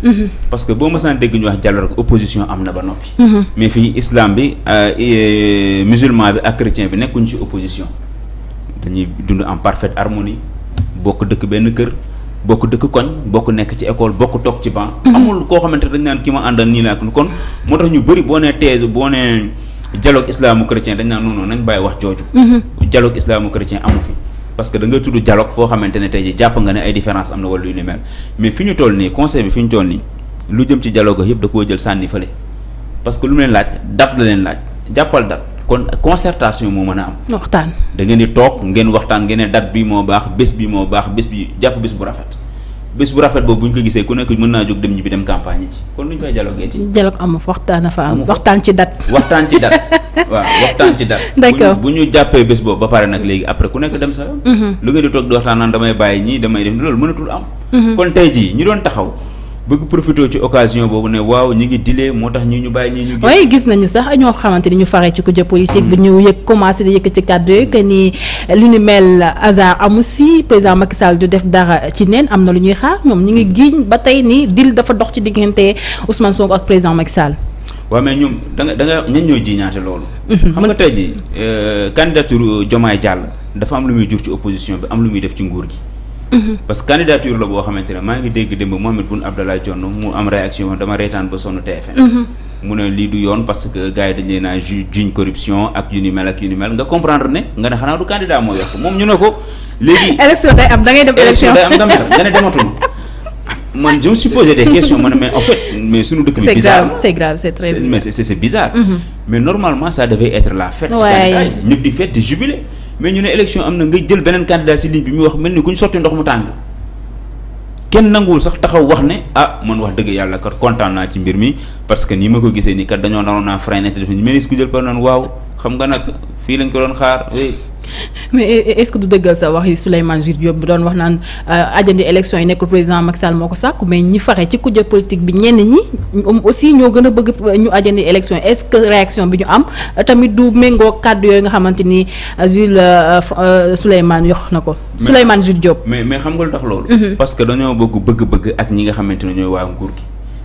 Mm-hmm. parce que boo mësaan dégg ñu wax dialogue opposition am na ba noppi. Mm-hmm. mais fii islam bi euh, euh, musulman bi ak chrétien bi nekkuñ ci opposition dañuy dund en parfaite harmonie bokk dëkk benn kër bokk dëkk koñ bokk nekk ci école bokk toog ci banc. Mm-hmm. amul koo xamante ne dañ naan ki ma àndal nii la ak kon moo tax ñu bëri boo nee thèse boo nee dialogue islamo chrétien dañ naan non non nañ bàyyi wax jooju. dialogue islamo chrétien amu fii parce que da nga tudd dialogue foo xamante ne tey ji jàpp nga ne ay différence am na wala lu ni mel mais fi ñu toll nii conseil bi fi ñu toll nii lu jëm ci dialogue yëpp da koo jël sànni fële parce que lu mu leen laaj date la leen laaj jàppal date kon concertation moo mën a am. waxtaan da ngeen di toog ngeen waxtaan ngeen ne date bi moo baax bés bi moo baax bés bi jàpp bés bu rafet. bés bu rafet boobu bu ñu ko gisee ku nekk mën naa jóg dem ñi bi dem campagne ci kon lu ñu koy dialogué ci. dialogue am waxtaan a fa am waxtaan ci dat. waxtaan ci dat waaw waxtaan ci dat. d'accord bu ñu jàppee bés boobu ba pare nag léegi après ku nekk dem sa. Mm-hmm. lu ngeen di toog di waxtaan naan damay bàyyi ñii damay def loolu mënatul am. Mm-hmm. kon tey jii ñu doon taxaw. bëgg profité ci occasion boobu ne waaw ñi ngi dilee moo tax ñu ñu bàyyi ñi ñu waaye gis nañu sax ñoo xamante ni ñu faree ci kujje politique bi ñu yëg commencé di yëkk ci kàddu yi nii ni lu ñu mel hasard amu si président Macky du def dara ci neen am na lu ñuy xaar ñoom ñu ngi giiñ ba tey nii dil dafa dox ci diggante Ousmane Sonko ak président Macky Sall waaw mais ñoom da nga da nga ñan ñooy jiiñaate loolu mhm. xam nga tey ji euh, candidature Diomaye Diallo dafa am lu muy jur ci opposition bi am lu muy def ci nguur gi Mhm. parce que candidature la boo xamante ne maa ngi dégg démb Mohamed Boun Abdallah Dionne mu am réaction dama reetaan ba sonn TFM. Mhm. mu ne lii du yoon parce que gars dañ leen a ju juñ corruption ak yu ak yu nga comprendre ne nga ne xanaa du candidat moo yokk moom ñu ne ko. léegi élection day am da dem élection day am nga mer nga ne dematuñu man je me suis posé des questions mais en fait mais suñu dëkk bi bizarre c'est grave c'est très mais mhm. mais normalement mais ñu ne election am na nga jël beneen candidat si ligne bi muy wax mel ni ku ñu sotti ndox mu tàng kenn nanguwul sax taxaw wax ne ah man wax dëgg yàlla kat kontaan naa ci mbir mi parce que nii ma ko gisee nii kat dañoo naroon naa freiné te def nañu ministre ku jël par naan waaw xam nga nag fii lañ ko doon xaar mais e, e, est-ce du dëggal sa wax yi Souleymane Jules Diop bi doon wax naan euh, ajandi élection yi nekkul président Macky Sall moo ko sàkku mais ñi fare ci kujje politique bi ñenn ñi aussi ñoo gën a bëgg ñu ajandi élection yi est-ce que réaction bi ñu am tamit du méngoo kàddu yooyu nga xamante ni euh, Jules euh, Souleymane yox na ko Souleymane Jules Diop mais mais xam nga lu tax loolu mhm. parce que dañoo bëgg bëgg ak ñi nga xamante ne ñooy waa nguur gi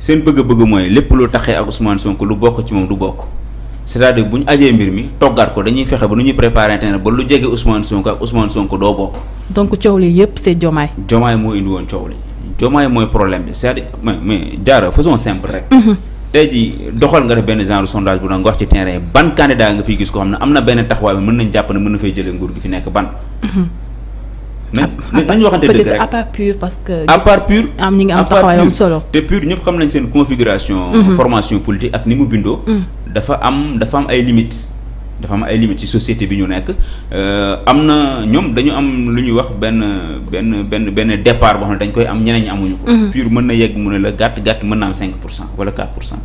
seen bëgg-bëgg mooy lépp lu taxee ak Ousmane Sonko lu bokk ci moom du bokk c'est-à-dire bu ajee mbir mi toggaat ko dañuy fexe ba nu ñuy préparé internet ba lu jege Ousmane Sonko ak Ousmane Sonko doo bokk. donc coow li yëpp c'est Diomaye. Diomaye moo indi coow li Diomaye mooy problème bi c'est-à-dire mais mais jaara faisons simple rek. Mhm. tey jii doxal nga def benn genre sondage bu na nga wax ci terrain ban candidat nga fiy gis ko xam ne am na benn taxawaay bi mën nañ jàpp ne mën na fay jëlee nguur gi fi nekk ban. Mhm. Ah, nañ nañ waxante dëgg rek à part pur parce que. à part pur am ñi ngi am taxawaayam solo. te pur ñëpp xam nañ mhm. ni mu bindoo. dafa am dafa am ay limites dafa am ay limites ci société bi ñu nekk euh, am na ñoom dañu am lu ñuy wax benn benn benn benn départ boo xam ne dañ koy am ñeneen ñi amuñu ko. Mhm. pur mën na yegg mu ne la gàtt gàtt mën na am 5 pour cent wala 4 pour cent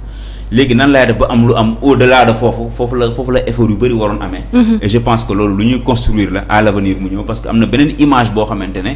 léegi nan laay def am lu am au delà de foofu foofu la foofu la effort yu bëri waroon amee. Mhm. et je pense que loolu lu ñuy construire la à l' mu ñëw parce que am na beneen image boo xamante ne.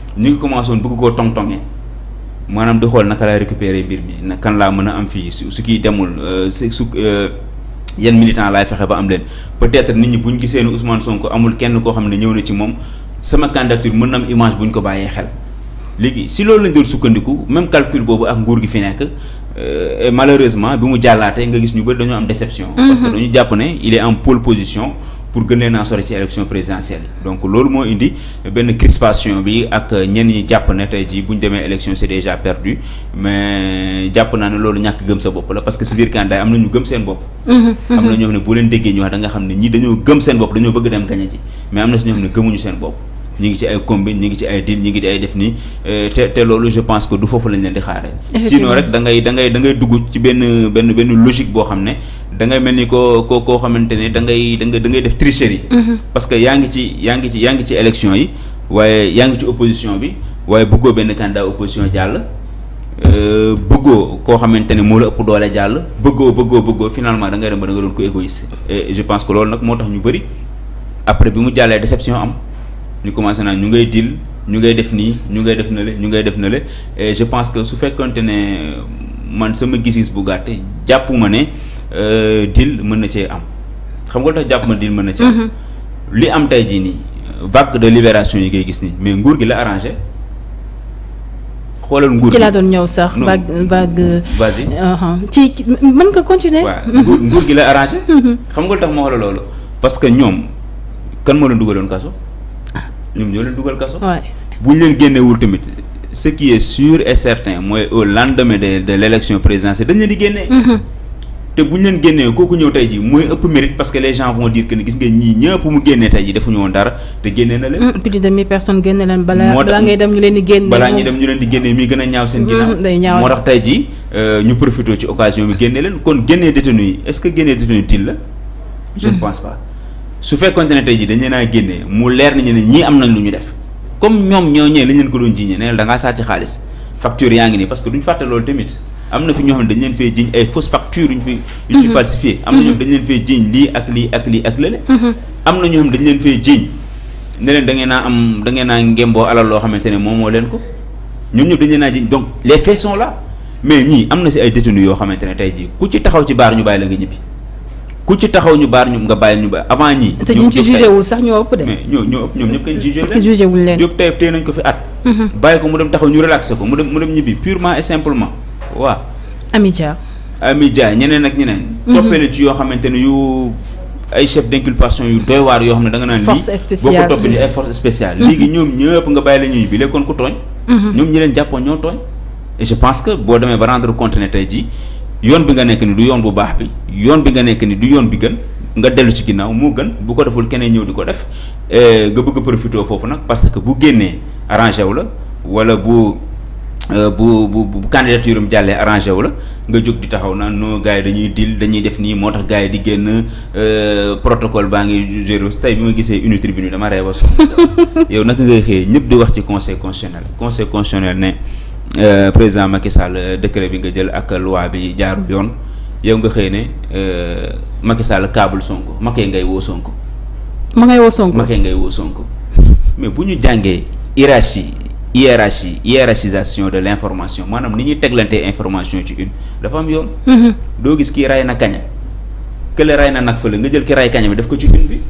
ñu ngi commencé woon bugg koo tong-tongee maanaam di xool naka laay récupérer mbir mi na kan laa mën a am fii su su kii demul euh, su euh, yan militant laay fexe ba am leen peut-être nit ñi bu ñu gisee ne Ousmane Sonko amul kenn koo xam ne ñëw na ci moom sama candidature mën na am image bu ñu ko bàyyee xel léegi si loolu lañ doon sukkandiku même calcul boobu ak nguur gi fi nekk euh, malheureusement bi mu jàllaate nga gis ñu bëri dañoo am déception. Mm-hmm. parce que dañu jàpp ne il en pole position. pour gën leen a sori ci élection présidentielle donc loolu moo indi benn crispation bi ak ñenn ñi jàpp ne tey jii bu ñu demee élection c'est déjà perdu mais jàpp naa ne loolu ñàkk gëm sa bopp la parce que si biir candidat am na ñu gëm seen bopp. Mm-hmm, mm-hmm. am na ñoo xam ne bu leen déggee ñu wax da xam ne ñii dañoo gëm seen bopp dañoo bëgg dem gañe ji mais am na si ñoo xam ne gëmuñu seen bopp. ñu ngi ci ay combine ñu ngi ci ay deal ñi ngi ci def nii euh, te te loolu je pense que du foofu lañ leen di xaare sinon rek da ngay da ngay da ngay dugg ci benn benn benn logique boo xam ne dangay mel ni ko ko koo xamante ne da ngay da nga da def tricherie mhm. parce que yaa ngi ci yaa ngi ci yaa ngi ci élection yi waaye yaa ngi ci opposition bi waaye bëggoo benn candidat opposition jàll euh, bëggoo koo xamante ne moo la ëpp doole jàll bëggoo bëggoo bëggoo finalement da ngay dem ba da nga doon ko égoïste et je pense que loolu nag moo tax ñu bëri après bi mu jàllee déception am ñu commencé naan ñu ngay dil ñu ngay def nii ñu ngay def nale ñu ngay def nale et je pense que su fekkonte ne man sama gis bu gàtte jàpp ma ne euh, dil mën na cee am xam nga tax jàpp ma dil mën na cee am mm-hmm. li am tey jii nii vague de libération yi ngay gis nii mais nguur gi la arrangé xoolal nguur gi ci laa doon ñëw sax. vague vague. vas uh-huh. ci mën nga continuer. waaw nguur gi la arrangé. Mm-hmm. xam nga lu tax ma wala loolu. parce que ñoom kan moo leen dugaloon kaso. ñoom ñoo leen dugal kaso. bu ñu leen génneewul tamit ce qui est sûr et certain mooy au lendemain de de l' élection présidentielle leen di génnee. Mm-hmm. te bu ñu leen génnee kooku ñëw tey ji mooy ëpp mérite parce que les gens vont dire que ni gis nga ñii ñëpp mu génnee tey ji defuñu woon dara te génnee na leen. Mm, plus de mille personnes génne leen. balaa balaa ngay dem ñu leen di génne. balaa ñuy dem ñu leen di mi gën a ñaaw seen. ginnaaw mm, moo tax tey ji euh, ñu profité ci occasion bi génne leen kon génnee détenu yi est ce que génnee détenu la. je mm. pense pas. su fekkonte ne tey jii dañ leen a génne mu leer nañu ne ñii am nañ lu ñu def comme ñoom ñoo ñëwee lañ leen ko doon jiiñee ne da ngaa sàcc xaalis facture yaa ngi nii parce que duñ fàtte loolu am na fi ñoo dañ leen fee jiiñ ay fausse facture fi yuñ fi mhm. falsifié am ñoom mhm. dañ leen fee jiiñ lii ak lii ak lii ak mhm. am na ñoo dañ leen fee jiiñ ne leen da naa am da ngeen naa ngemboo loo xamante ne moom moo leen ko ñoom ñëpp dañ leen naa jiiñ donc les faits sont là mais ñii am na si ay détenus yoo xamante ne tey jii ku ci taxaw ci baar ñu bàyyi la nga ñibbi ku ci taxaw ñu baar ñu nga bàyyi ñu ba avant ñii. te ñu ci jugé wul sax ñoo ëpp de. mais ñoo ñoo ëpp ñoom ñëpp koy jugé leen jugé wul leen Diop tey tey nañ ko fi at. Mhm. bàyyi ko mu dem taxaw ñu relaxé ko mu dem mu dem ñibbi purement et simplement waaw. Amidia. Amidia ñeneen ak ñeneen. Mhm. toppee la ci yoo xamante ne yu ay chef d'inculpation yu doy waar yoo xam ne da nga naan. force spéciale lii boo ko toppee ay force spéciale. Mhm. léegi ñoom ñëpp nga bàyyi la ñuy bi léegi kon ku tooñ. ñoom ñi leen jàppoon ñoo tooñ. et je pense que boo demee ba rendre compte ne tey jii yoon bi nga nekk ni du yoon bu baax bi yoon bi nga nekk ni du yoon bi gën nga dellu ci ginnaaw moo gën bu ko deful keneen ñëw di ko def eh, nga bëgg a profité foofu nag parce que bu génnee arrangé wu la wala bu euh, bu bu bu candidature am jàllee arrangé wu la nga jóg di taxaw naan no gars yi dañuy dil dañuy def nii moo tax gars yi di génn euh, protocole baa ngi gérer tey bi ma gisee une tribune bi dama reeba son yow naka ngay xëyee ñëpp di wax ci conseil constitutionnel conseil constitutionnel ne Euh, président Macky Sall euh, décret bi nga jël ak loi bi jaarul yoon yow nga xëy ne euh, Macky Sall kaabul Sonko Macky ngay woo Sonko. ma ngay woo Sonko ngay woo Sonko mais bu ñu jàngee hiérarchie hiérarchie hiérarchisation de l' information maanaam ni ñuy teglantee information ci une dafa am yoon. Mm-hmm. doo gis kii ray na kaña kële ray na nag fële nga jël ki ray kaña bi def ko ci une bi.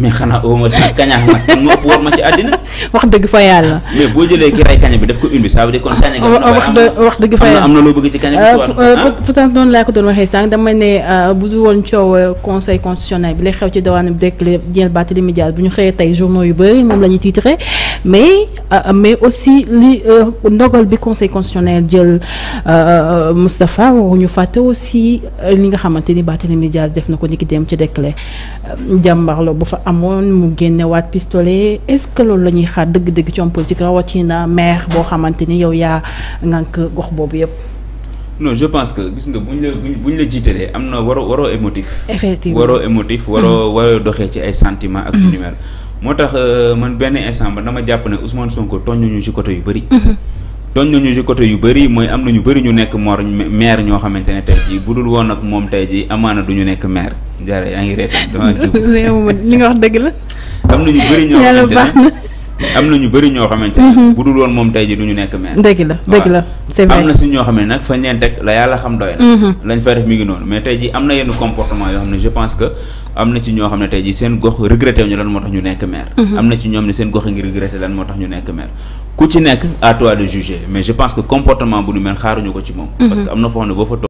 mais xanaa au moins kaña nag moo war ma ci àddina. wax dëgg fa yàlla. mais boo jëlee ki ray kaña bi def ko une bi ça kon kaña nga. wax dëgg fa am na loo bëgg ci kaña bi. pourtant euh, euh, ah? noonu laa ko doon waxee sànq dama ne euh, bu dul woon coow conseil constitutionnel bi lay xew ci dawaan bi dëkk la jël Barthélémy Dias bu ñu xëyee tey journaux yu bëri moom la ñuy titré mais euh, mais aussi li euh, ndogal bi conseil constitutionnel jël euh, Moustapha waruñu fàtte aussi li nga xamante ni Barthélémy Dias def na ko niki dem ci décret jàmbarlo bu fa amoon mu génnewaat pistolet est-ce que la ñuy xaar dëgg-dëgg ci homme politique rawatina maire boo xamante ni yow yaa ngànk gox boobu yëpp. non je pense que gis nga buñ la buñ la jiitalee am na waroo waroo émotif. effectivement waroo émotif waroo mm-hmm. waroo doxee ci ay sentiments ak lu moo tax euh, man benn instant ba dama jàpp ne Ousmane Sonko tooñ nañu ci côté yu bëri. Mhm. tooñ nañu ci côté yu bëri mooy am na ñu bëri ñu nekk mor maire ñoo xamante ne tey jii budul woon moom tey jii amaana du ñu nekk maire jaare yaa ngi reetaan dama li nga wax la. am na ñu bëri ñoo xamante ne am ñoo xamante ne. budul woon moom tey ñu nekk maire. dëgg la la c'est vrai am si ñoo xam ne nag fañ leen teg la xam doy na. Mhm. lañ fay def mi ngi noonu mais tey comportement yoo xam ne je pense que am na ci ñoo xam ne tey seen gox regretté ñu lan moo tax ñu nekk maire. Mhm. am na ci ñoom ne seen gox ngi regretté lan moo tax ñu nekk maire ku ci nekk à juger mais je pense que comportement bu ñu mel xaaruñu ko ci moom. Mhm. parce am na foo xam ne boo fa